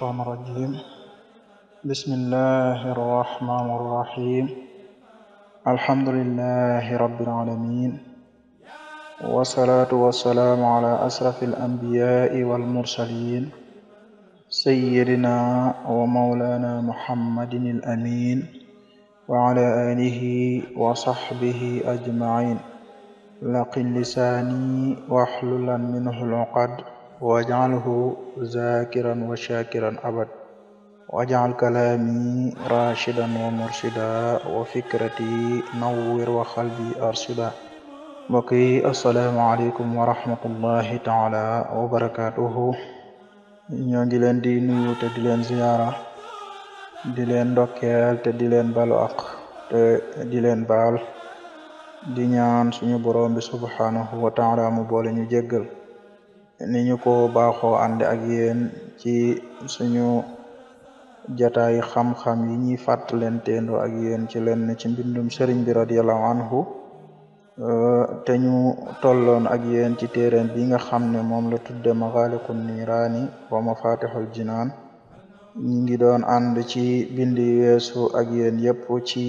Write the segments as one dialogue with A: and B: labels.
A: الشيطان الرجيم بسم الله الرحمن الرحيم الحمد لله رب العالمين والصلاة والسلام على أشرف الأنبياء والمرسلين سيدنا ومولانا محمد الأمين وعلى آله وصحبه أجمعين لقن لساني واحلل منه العقد wajalhu zakiran wa shakiran abad wajal kalami rashidan wa murshida wa fikrati nawwir wa xalbi arshida mbokk yi asalaamaaleykum wa rahmatullahi taala wa barakatuhu ñoo ngi leen di nuyu di leen ziyaara di leen ndokkeel te di leen balu ak leen baal di ñaan suñu borom bi subhanahu wa taala mu boole ñu jéggal ni ñu ko baaxoo ànd ak yéen ci suñu jataay xam-xam yi ñuy fàttalanteendoo ak yéen ci lenn ci mbindum sëriñ bi radiallahu anhu euh, te ñu tolloon ak yéen ci téeréen bi nga xam ne moom la tudde maxaalikun niiraani wa mafatixul jinaan ñi ngi doon ànd ci bind yu weesu ak yéen yëpp ci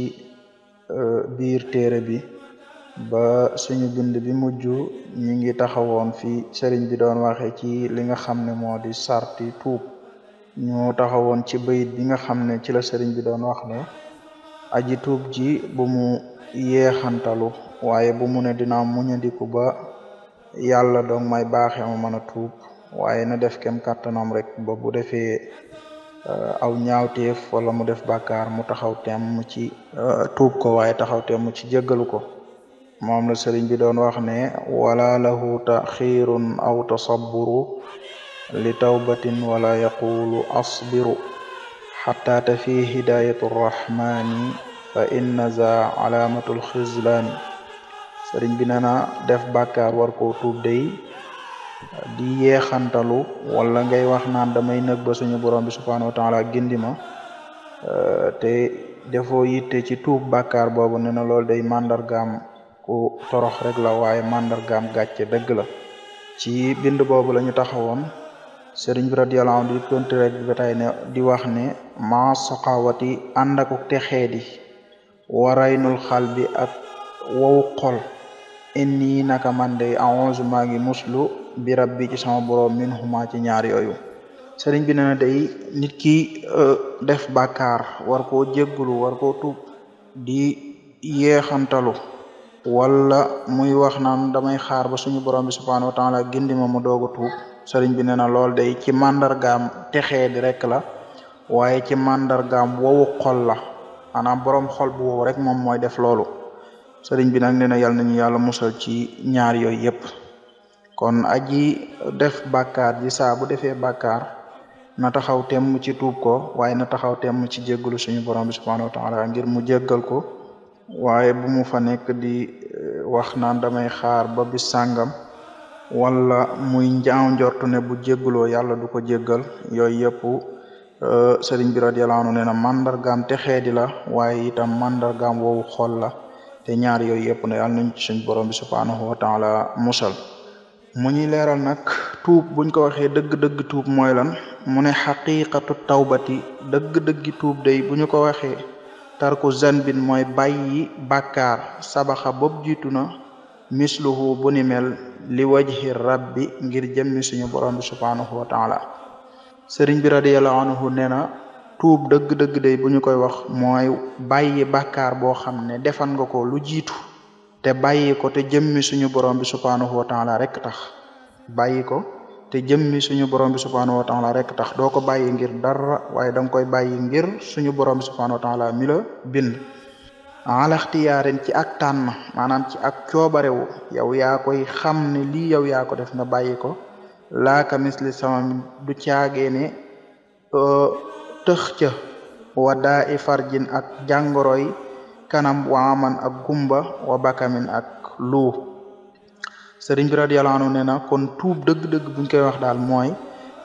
A: euh, biir téere bi ba suñu bind bi mujj ñi ngi taxawoon fi sëriñ bi doon waxe ci li nga xam ne moo di sarti tuub ñu taxawoon ci bayit bi nga xam ne ci la sëriñ bi doon wax ne aji tuub ji bu mu yeexantalu waaye bu mu ne dinaa muñandiku ba yàlla doog may baaxee ma mën a tuub waaye na def kem kàttanam rek ba bu defee eh, aw ñaawteef wala mu def bàkkaar mu taxaw temm ci eh, tuub ko waaye taxaw mu ci jéggalu ko moom la sëriñ bi doon wax ne wala lahu taxirun aw tasabburu li tawbatin wala yaqulu asbiru xata tafi hidayatu fa inna za alaamatul xislaani sëriñ bi nee def bàkkaar war tuub day di yeexantalu wala ngay wax naan damay nëg ba suñu borom bi subhanahu wa taala gindima te defoo yitte ci tuub bàkkaar boobu nee lool day màndargaam ku torox rek la waaye màndargaam gàcce dëgg la ci bind boobu la ñu taxawoon sëriñ bi radiyallahu di tontu rek ba tey ne di wax ne ma soxawati ànd ak texee di waraynul xal bi ak wowu xol inni naka man de a'uzu maa ngi muslu bi rabbi ci sama borom min huma ci ñaar yooyu sëriñ bi nee na day nit ki e, def bàkkaar war koo jéggulu war koo tuub di yeexantalu wala muy wax naan damay xaar ba suñu borom bi subhanahu wa taala gindi ma mu doog tuub sëriñ bi ne na lool dey ci màndargaam texee di rek la waaye ci màndargaam wowu xol la maanaam borom xol bu wow rek moom mooy def loolu sëriñ bi nag nena na yàlla nañu yàlla musal ci ñaar yooyu yëpp kon aji def bàkkaar ji saa bu defee bàkkaar na taxaw temm ci tuub ko waaye na taxaw temm ci jéggalu suñu borom bi subhanahu wa ngir mu jéggal ko waaye bu mu fa nekk di eh, wax naan damay xaar ba bis sàngam wala muy njaaw bu jéggaloo yàlla du ko jéggal yooyu yëpp eh, sëriñ bi radiyallahu anhu nee na mandargaam te xeedi la waaye itam mandargaam woowu xol la te ñaar yooyu yëpp ne yàlla nañ ci borom bi subhanahu wa taala musal mu ñuy leeral tuub buñ ko waxee dëgg-dëgg tuub mooy lan mu ne xaqiqatu tawbati dëgg-dëggi tuub day bu ko waxee tarku zanbin mooy bàyyi bàkkaar sabaxa bopp jiitu na misluhu bu ni mel li wajhi rabbi ngir jëmmi suñu borom bi subhanahu wa taala sëriñ bi radiallahu anhu nee na tuub dëgg-dëgg day bu ñu koy wax mooy bàyyi bàkkaar boo xam ne defan nga ko lu jiitu te bàyyi ko te jëmmi suñu borom bi subhanahu wa taala rek tax bàyyi ko te jëmmi suñu borom bi subhanahu wa taala rek tax doo ko bàyyi ngir dara waaye da koy bàyyi ngir suñu borom bi subhanahu wa taala mi la bind alaxtiyaarin ci ak tànn maanaam ci ak coobarewu yow yaa koy xam ne lii yow yaa ko def nga bàyyi ko laaka misli sama du caagee ne euh, tëx i farjin ak jàngoroy kanam waaman ak gumba wa bakamin ak lu sëriñ bi radiyallahu anhu nee na kon tuub dëgg-dëgg buñ koy wax daal mooy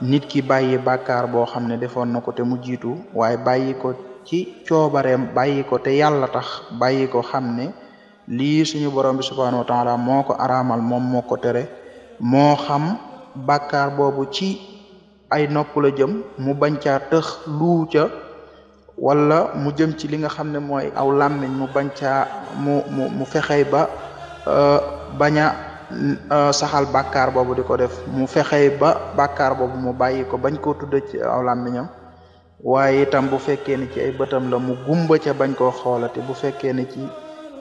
A: nit ki bàyyi bàkkaar boo xam ne defoon na ko te mu jiitu waaye bàyyi ko ci coobareem bàyyi ko te yàlla tax bàyyi ko xam ne lii suñu borom bi subhanahu wa taala moo ko araamal moom moo ko tere moo xam bàkkaar boobu ci ay nopp la jëm mu bañ tëx luu ca wala mu jëm ci li nga xam ne mooy aw làmmiñ mu bañ mu mu mu fexey ba euh, baña Euh, saxal bàkkaar boobu di ko def mu fexey ba bàkkaar boobu mu bàyyi ko bañ koo tudd ci aw làmmiñam waaye itam bu fekkee ni ci ay bëtam la mu gumba ca bañ koo xoolati bu fekkee ni ci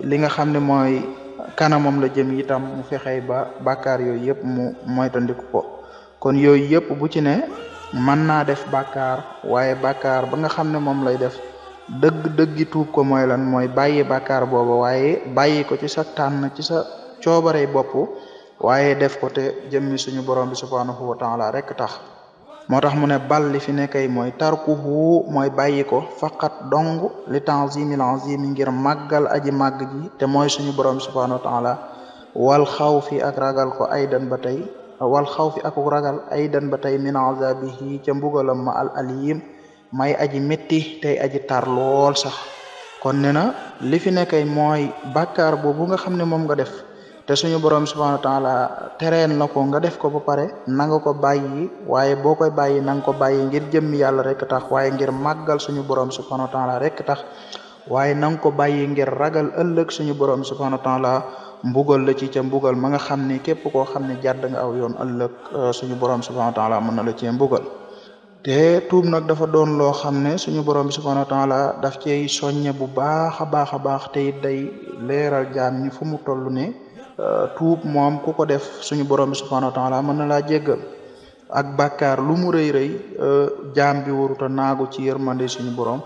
A: li nga xam ne mooy kanamam la jëm itam mu fexey ba bàkkaar yooyu yëpp mu moytandiku ko kon yooyu yëpp bu ci ne mën naa def bàkkaar waaye bàkkaar ba nga xam ne moom lay def dëgg dëggi tuub ko mooy lan mooy bàyyi bakar boobu waaye bàyyi ci sa tànn ci sa coobarey bopp waaye def ko te jëmmi suñu borom bi subhanahu wa taala rek tax moo tax mu ne bal li fi nekkay mooy tarkuhu mooy bàyyi ko faqat dong li tanzimil azimi ngir màggal aji màgg ji te mooy suñu borom bi subhanahu wa wal xaw fi ak ragal ko aydan ba tey wal xaw fi ak ragal aydan ba tey min azabihi ca mbugalam ma al alim may aji métti tey aji tar lool sax kon ne na li fi nekkay mooy bàkkaar boobu nga xam ne moom nga def te suñu borom subhanahu wa taala tereen la ko nga def ko ba pare na nga ko bàyyi waaye boo koy bàyyi nanga ko bàyyi ngir jëmmi yàlla rek tax waaye ngir màggal suñu borom subhanahu wa taala rek tax waaye na ko bàyyi ngir ragal ëllëg suñu borom subhanahu wa taala mbugal la ci ca mbugal ma nga xam ne képp koo xam ne jàdd nga aw yoon ëllëg euh, suñu borom subhanahu wa taala mën na la cee mbugal. te tuub nag dafa doon loo xam ne suñu borom bi subhanahu wa taala daf cey soññe bu baax a baax a baax te day leeral jaam ñi fu mu toll ne Euh, tuub moom ku ko def suñu borom bi subhanahu wa taala mën na laa jéggal ak bàkkaar lu mu rëy rëy euh, jaam bi waruta naagu ci yërmande suñu borom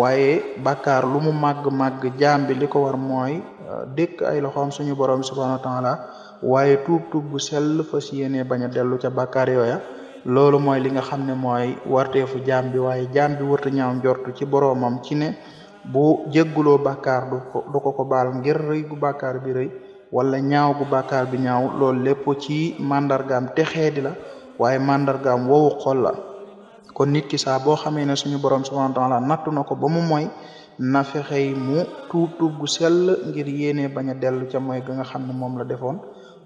A: waaye bàkkaar lu mu màgg màgg jaam bi li ko war mooy euh, dëkk ay loxoom suñu borom bi subhanahu wa waaye tuub tuub bu sell fas yéene bañ a dellu ca bàkkaar yooya loolu mooy li nga xam ne mooy warteefu jaam bi waaye jaam bi warta ñaaw njortu ci boromam ci ne bu jégguloo bàkkaar du ko ko baal ngir rëy gu bi rëy wala ñaaw gu bàkkaar bi ñaaw loolu lépp ci mandargaam texee di la waaye mandargaam wowu xol la kon nit ki saa boo xamee ne suñu borom subhanahu wa taala nattu na ko ba mu mooy na fexey mu tuub tuub ngir yéene bañ a dellu ca mooy ga nga xam ne moom la defoon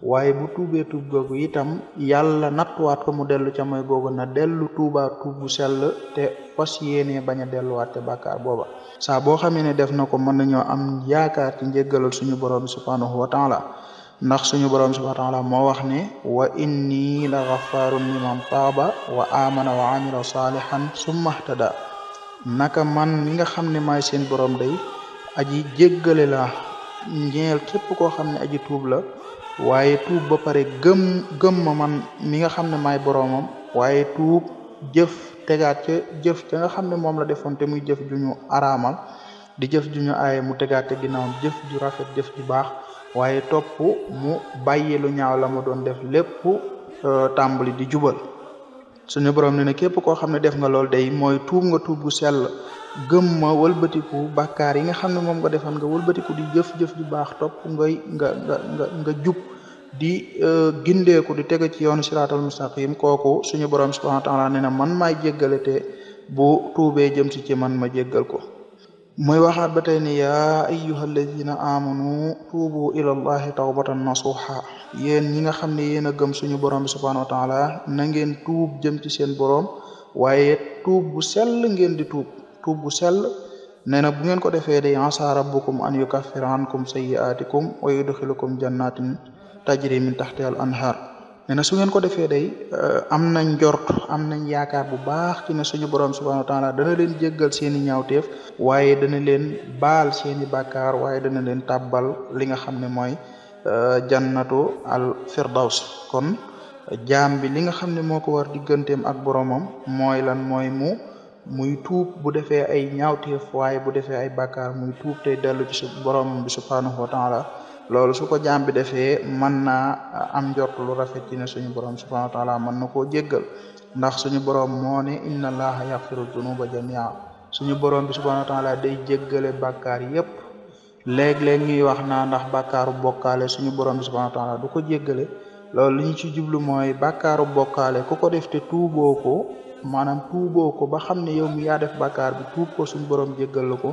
A: waaye bu tuubee tuub googu itam yàlla nattuwaat ko mu dellu ca mooy googu na dellu tuuba tuub bu sell te fas yéenee bañ a delluwaat te bàkkaar booba saa boo xamee ne def na ko mën nañoo am yaakaar ci njëggalal suñu borom bi subhanahu wa taala ndax suñu borom subhanahu wa taala moo wax ne wa inni la gafaarun liman taaba wa amana wa amila salihan summa ihtada naka man mi nga xam ne maay seen borom day aji jéggale ñeel képp koo xam ne aji tuub la waaye tuub ba pare gëm gëm ma man mi nga xam ne maay boroomam waaye tuub jëf tegaat ca jëf ca nga xam ne moom la defoon te muy jëf ju ñu araamal di jëf ju ñu aaye mu tegaat ca ginnaawam jëf ju rafet jëf ju baax waaye topp mu bàyyi lu ñaaw la moo doon def lépp euh, tàmbali di jubal suñu borom ne ne képp koo xam ne def nga lool day mooy tuub nga tuub gu sell gëm ma walbatiku bakkaar yi nga xam ne moom nga defoon nga wëlbatiku di jëf-jëf ju baax topp ngay nga nga nga nga jub di e, gindeeku di tege ci yoonu siraatal mustaqim kooku suñu borom subhanahu wa taala ne man maay jéggale te bu tuubee jëm si ci man ma jéggal ko muy waxaat ba tey ni yaa ayyuha alladina amanu tuubu ila allahi tawbatan nasuha yéen ñi nga xam ne yéen a gëm suñu borom bi subhanahu wa taala na ngeen tuub jëm ci seen borom waaye tuub bu sell ngeen di tuub tuub bu sell nee na bu ngeen ko defee day asa rabbukum an yukaffira ankum sayyi'atikum wa yudxilukum jannatin tajri min taxtiha al anhar nee na su ngeen ko defee day euh, am nañ njort am na yaakaar bu baax ki na suñu borom subhanahu wa taala dana leen jéggal seeni ñaawteef waaye dana leen baal seeni bàkkaar waaye dana leen tàbbal li nga xam ne mooy euh, jannatu al firdaws kon jaam bi li nga xam ne moo ko war digganteem ak boromam mooy lan mooy mu muy tuub bu defee ay ñaawteef waaye bu defee ay bàkkaar muy tuub tey dellu ci boromam bi subhanahu wa loolu su ko jaam bi defee mën naa uh, am njort lu rafet ci ne suñu borom subhanahu wa mën na koo jéggal ndax suñu borom moo ne inna allaha yaxfiru dunuba jamia suñu borom bi subhanahu wa taala day jéggale bàkkaar yépp léeg-léeg ñuy wax naa ndax bàkkaaru bokkaale suñu borom bi subhanahu wa taala du ko jéggale loolu li ñu ci jublu mooy bàkkaaru bokkaale ku ko def te tuuboo ko maanaam tuuboo ko ba xam ne yow mi yaa def bàkkaar bi tuub ko suñu boroom jéggal la ko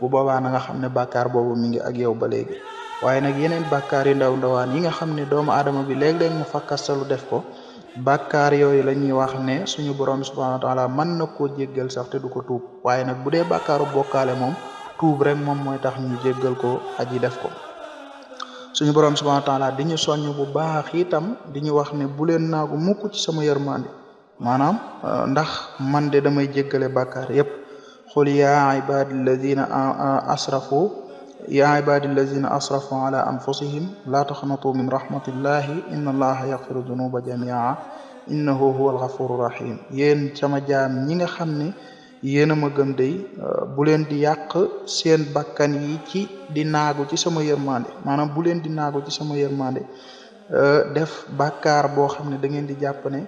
A: bu boobaa na nga xam ne bàkkaar boobu mi ngi ak yow ba léegi waaye nag yeneen bàkkaar yu ndaw ndawaan yi nga xam ne doomu aadama bi léeg-léeg mu fakkastalu def ko bàkkaar yooyu la ñuy wax ne suñu borom subhanahu wa taala mën na koo jéggal sax te du ko tuub waaye nag bu dee bàkkaaru bokkaale moom tuub rek moom mooy tax ñu jéggal ko aji def ko suñu borom subhanahu wa taala di ñu bu baax itam di ñu wax ne bu leen naagu mukk ci sama yërmande maanaam euh, ndax man de damay jéggale bàkkaar yépp xul yaa ibadi alladina asrafu yaa ibaadi allazina asrafu ala anfusihim laa taxnatu min rahmatillahi inna allaha yaxfiru dunuba jamia innahu huwa alxafuru rahim yéen sama jaam ñi nga xam ne yéen a ma gëm day euh, bu leen di yàq seen bakkan yi ci di naagu ci sama yërmande maanaam bu leen di naagu ci sama yërmande euh, def bàkkaar boo xam ne da ngeen di jàpp ne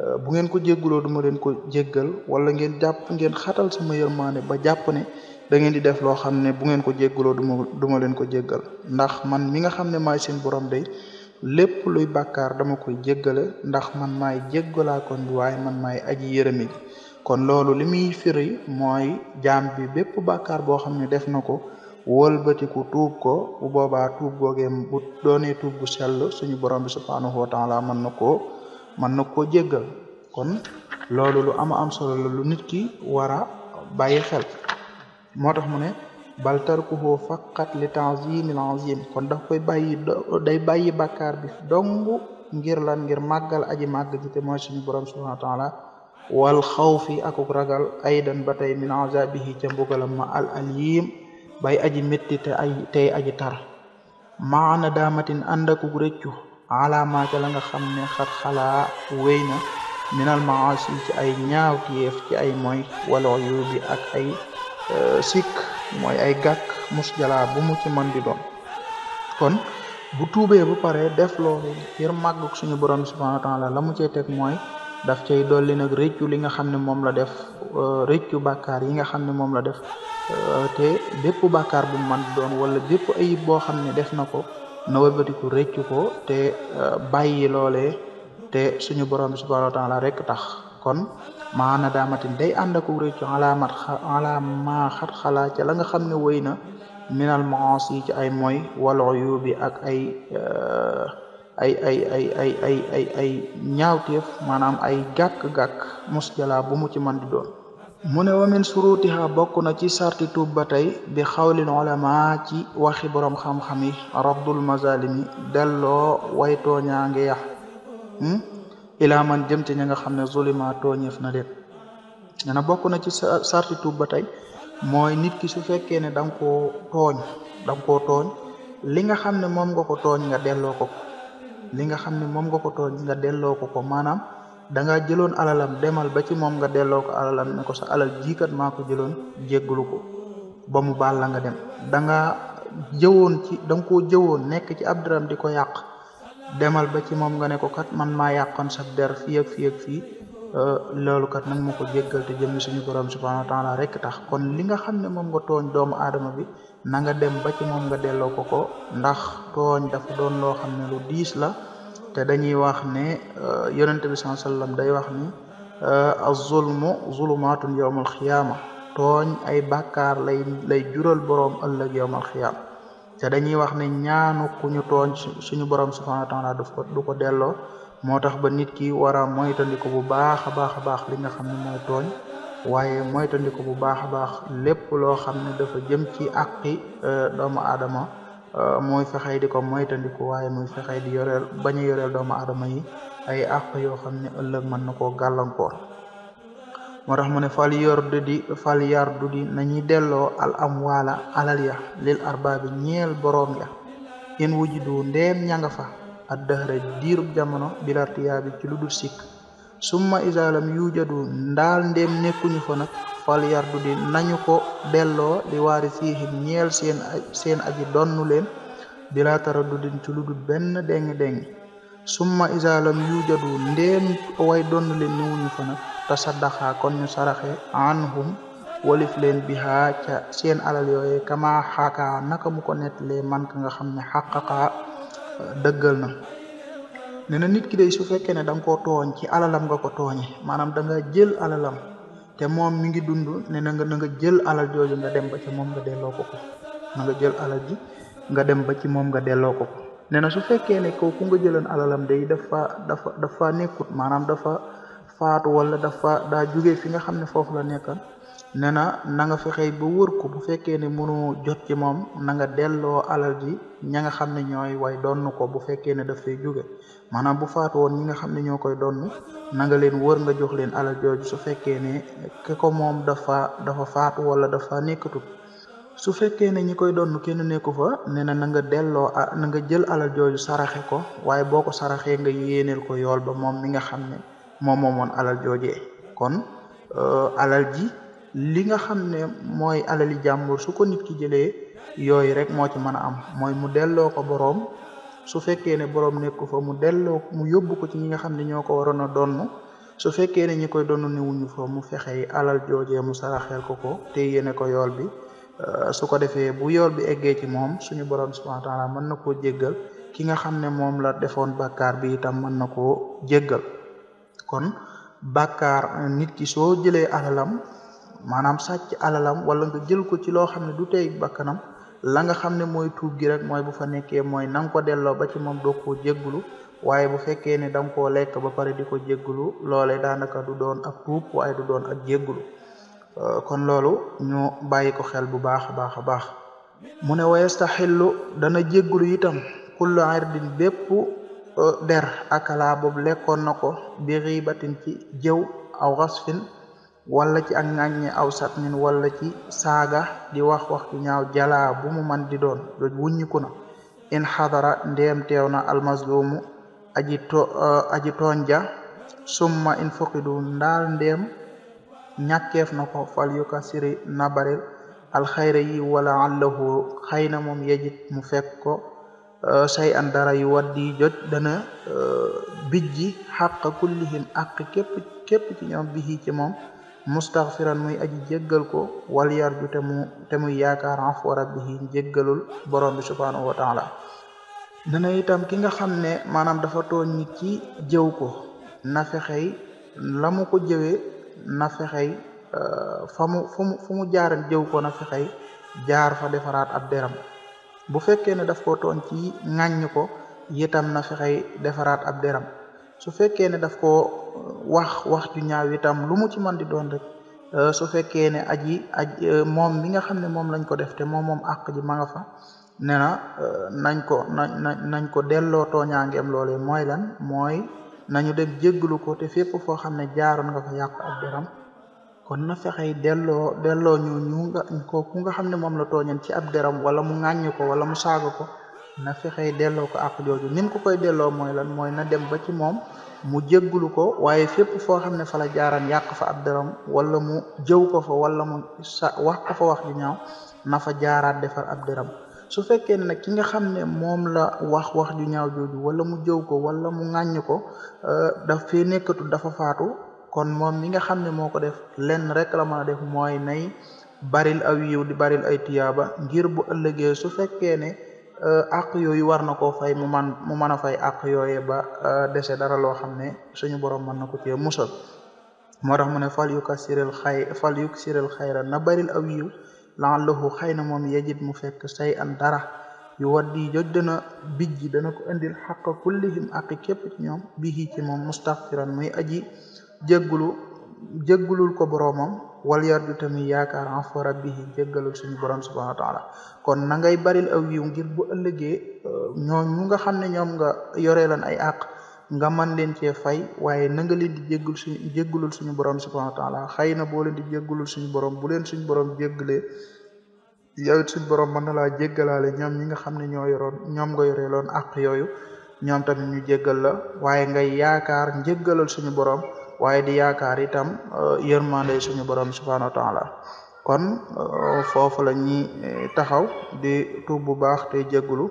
A: euh, bu ngeen ko jégguloo duma leen ko jéggal wala ngeen jàpp ngeen xatal sama yërmande ba jàpp ne dangeen di def loo xam ne bu ngeen ko jéggaloo duma duma leen ko jéggal ndax man mi nga xam ne maay seen borom day lépp luy bakkaar dama koy jéggale ndax man maay jéggalaa kon bi man may aji yërëmi kon loolu li muy firi mooy jaam bi bépp bakkaar boo xam ne def na ko wëlbatiku tuub ko bu boobaa tuub googee bu doonee tuub bu sell suñu borom bi subhaanahu wa taala mën na koo mën na koo jéggal kon loolu lu ama am solo lu nit ki war a bàyyi xel moo tax mu ne bal tarkuhu faqat li ta'zimil kon daf koy bàyyi day bàyyi bàkkaar bi dong ngir lan ngir màggal aji màgg ji te mooy suñu borom subhanahu wa taala wal xawfi akuk ragal aydan ba tey min azabihi ca mbugalam ma al alim aji métti ay tey aji tar maana daamatin ànd akuk rëccu alama la nga xam ne xat xalaa wéy na minal maasi ci ay ñaawteef ci ay moy wala yuubi ak ay Euh, sik mooy ay gàkk mus bu mu ci man di doon kon bu tuubee bu paree def loolu ngir màggug suñu borom subhanahu wa taala la mu cey teg mooy daf cay dolli nag rëccu li nga xam ne moom la def euh, rëccu bàkkaar yi nga xam ne moom la def euh, te bépp bàkkaar bu man doon wala bépp ayib boo xam ne def na ko na wëlbatiku rëccu ko te bàyyi loole te suñu borom subhanahu wa taala rek tax kon maana daamatin day ànd ak réccu alaamat alaamaa xat la nga xam ne wéy na minal maas ci ay mooy wal uyubi ak euh, ay ay ay ay ay ay ay ay maanaam ay gàkk-gàkk bu mu ci mën di doon mu ne wa min surutiha bokk na ci sarti tuub ba tey bi xawlin ulama ci waxi boroom xam-xam yi rabdul mazalimi delloo way tooñaange ya hmm? ilaa man jëm ci ñi nga xam ne zulima tooñeef na leen nee na bokk na ci sarti tuub ba tey mooy nit ki su fekkee ne da nga koo tooñ da koo tooñ li nga xam ne moom nga ko tooñ nga delloo ko ko li nga xam ne moom nga ko tooñ nga delloo ko ko maanaam da nga jëloon alalam demal ba ci moom nga delloo ko alalam ne ko sa alal jiikat maa ko jëloon jéggalu ko ba mu baal la nga dem da nga jëwoon ci da ko koo jëwoon nekk ci ab dërëm di ko yàq demal ba ci moom nga ne ko kat man maa yàqoon sa der fii ak fii ak euh, loolu kat nag ma ko jéggal te jëm suñu borom subhanahu wa taala rek tax kon li nga xam ne moom nga tooñ doomu aadama bi na nga dem ba ci moom nga delloo ko ko ndax tooñ dafa doon loo xam ne lu diis la te dañuy wax ne euh, yonente bi sallallahu alayhi wasallam day wax ni euh, az-zulmu zulumatun yawmal xiyaama tooñ ay bàkkaar lay lay jural boroom ëllëg yawmal xiyaama te dañuy wax ne ñaanu ku ñu tooñ suñu borom subhanahu wa taala daf ko du ko delloo moo tax ba nit ki war a moytandiku bu baax a baax a baax li nga xam ne mooy tooñ waaye moytandiku bu baax a baax lépp loo xam ne dafa jëm ci àqi euh, doomu aadama euh, muy fexey di ko moytandiku waaye muy fexey di yorel bañ a yoreel doomu aadama yi ay àq yoo xam ne ëllëg mën na koo gàllankoor moo tax mu ne fal yordu di fal yardu di nañuy delloo al am waala alal ya lil arbaabi ñeel boroom ya in wujudu ndeem ña nga fa ad dahra diirub jamono bilartiyaa bi ci lu dul sikk summa isalam yujadu ndaal ndeem nekkuñu fa nag fal yardu nañu ko delloo li waari fiihim ñeel donnu leen bila taraddudin ci lu benn deng deng summa isalam yujadu ndeem fa nag tasaddaxa kon ñu saraxe anhum wolif leen biha ca seen alal yooye kama xaaka naka mu net le man ka nga xam ne xaqaqa dëggal na nee na nit ki day su fekkee ne da nga koo tooñ ci alalam nga ko tooñe maanaam da jël alalam te moom mi ngi dund ne na nga jël alal jooju nga dem ba ci moom nga delloo ko ko na nga jël alal ji nga dem ba ci moom nga delloo ko ko nee nga jëloon alalam day dafa dafa dafa nekkut maanaam dafa faatu wala dafa daa jóge fi nga xam ne foofu la nekk nee na na nga fexey ba wër ko bu fekkee ne mënu jot ci moom na nga delloo alal ji ña nga xam ne ñooy way donn ko bu fekkee ne daf fay jóge maanaam bu faatu woon ñi nga xam ne ñoo koy donn na leen wër nga jox leen alal su fekkee ne ke ko moom dafa dafa faatu wala dafa nekkatul su fekkee ne ñi koy donn kenn nekku fa nee na na nga delloo na nga jël alal jooju saraxe ko waaye boo ko saraxee nga yéeneel ko yool ba moom mi nga xam ne moom moomoon alal jooje kon euh, alal ji li nga xam ne mooy alali jàmbur su ko nit ki jëlee yooyu rek moo ci mën a am mooy mu delloo ko boroom su fekkee ne boroom nekku fa mu delloo mu yóbbu ko ci ñi nga xam ne ñoo ko waroon a donn su fekkee ne ñi koy donn ne wuñu fa mu fexey alal joojee mu saraxeel ko ko te yéene ko yool bi euh, su ko defee bu yool bi eggee ci moom suñu boroom subhanahu wa taala mën na koo jéggal ki nga xam ne moom la defoon bàkkaar bi itam mën na koo jéggal kon bàkkaar euh, nit ki soo jële alalam maanaam sàcc alalam wala nga jël ko ci loo xam ne du tey bakkanam la nga xam ne mooy tuub gi rek mooy bu fa nekkee mooy na nga ko delloo ba ci moom doo koo jéggulu waaye bu fekkee ne da koo lekk ba pare di ko jéggulu loolee daanaka du doon ak tuub waaye du doon ak jéggulu euh, kon loolu ñu bàyyi ko xel bu baax a baax a baax mu ne wayastaxillu dana jéggulu itam kullu ardin bépp der akala boobu lekkoon na ko bi riibatin ci jëw aw rasfin wala ci ak ŋàññe aw satmin wala ci saaga di wax wax ju ñaaw jalaa bu mu man di doon loj wuññiku na in xadara ndeem teew na almazlumu aji to euh, aji toonja summa in fuqidu ndaal ndeem ñàkkeef na ko fal siri nabaril alxayra yi wala allahu xëy moom yejit mu fekk ko E, say an dara yu waddi jot dana e, bijji xaqa kullihim àq képp képp ci ñoom bihi ci moom mustaghfiran muy aji jéggal ko wal yarju te mu te muy yaakaar afwa rabbihi jéggalul borom bi subhanahu wa la dana itam ki nga xam ne maanaam dafa tooñ nit ci jëw ko na fexey la mu ko jëwee na fexey e, fa mu mu fu mu jaaran jëw ko na fexey jaar fa defaraat at deram bu fekkee ne daf ko tooñ ci ŋàññ ko yitam na fexey defaraat ab deram su fekkee ne daf ko uh, wax wax ju ñaaw itam lu mu ci mën di doon rek uh, su fekkee ne aji aj uh, moom mi nga xam ne moom lañ ko def te moom moom àq ji ma nga fa ne nañ ko nañ nañ ko delloo tooñaangeem loolee mooy lan mooy nañu dem jéggalu ko te fépp foo xam ne jaaroon nga fa yàq ab kon na fexey delloo delloo ñu ñu nga ko ku nga xam ne moom la tooñan ci ab deram wala mu ŋàññi ko wala mu saaga ko na fexey delloo ko àq jooju nim ko koy delloo mooy lan mooy na dem ba ci moom mu jéggulu ko waaye fépp foo xam ne fa la jaaraan yàq fa ab deram wala mu jëw ko fa mu sa wax ko wax ju ñaaw na fa jaaraat defar ab deram su fekkee ne nag ki nga xam ne moom la wax wax ju ñaaw jooju wala mu jëw ko wala mu ŋàññ ko euh, daf fee nekkatu dafa faatu kon moom mi nga xam ne moo ko def lenn rek la mën a def mooy nay baril aw yiw di baril ay tuya ba ngir bu ëllëgee su fekkee ne euh, àq yooyu war na koo fay mu man mu mën a fay àq yooyee ba euh, dese dara loo xam ne suñu borom mën na ko cee musal moo tax mu ne fal yu ka siril xay fal yu siril xayra na baril aw yiw laallahu xëy na moom yejit mu fekk say an dara yu waddi joj dana bijji dana ko indil xaqa kullihim àq képp ci ñoom bihi moom mustaxfiran muy aji jéggulu jéggulul ko boroomam wal yarju tamit yaakaar en fa rabbihi jéggalul suñu borom subhanahu wa taala kon na ngay baril aw yiw ngir bu ëllëgee euh, ñooñu nga xam ne ñoom nga yore lan ay àq nga man leen cee fay waaye na nga leen di jéggul suñu jéggulul suñu borom subhanahu wa xëy na boo di jéggulul suñu borom bu leen suñu borom jéggalee yow borom mën na laa jéggalaale ñoom ñi nga xam ne ñoo yoroon ñoom nga yore loon àq yooyu ñoom tamit ñu jéggal la waaye ngay yaakaar njéggalal suñu borom waaye di yaakaar itam euh, yërmande suñu borom subhanahu wa taala kon euh, foofu la ñuy euh, taxaw di tuub bu baax te jéggulu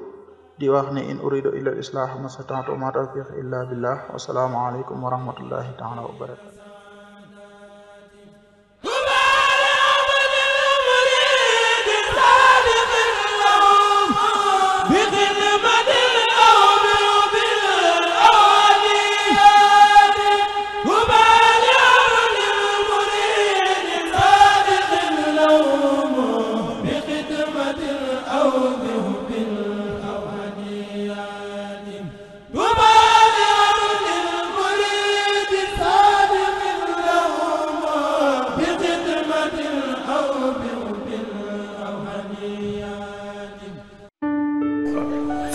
A: di wax ne in uridu illa islah ma stata'tu ma tawfiq illa billah wasalaamu aleykum wa rahmatullahi taala wa barakatu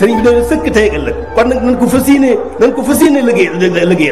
A: sëriñ bi doo sëkk tey ëllëg kon nag nañ ko fas yéene nañ ko fas yéene liggéey liggéey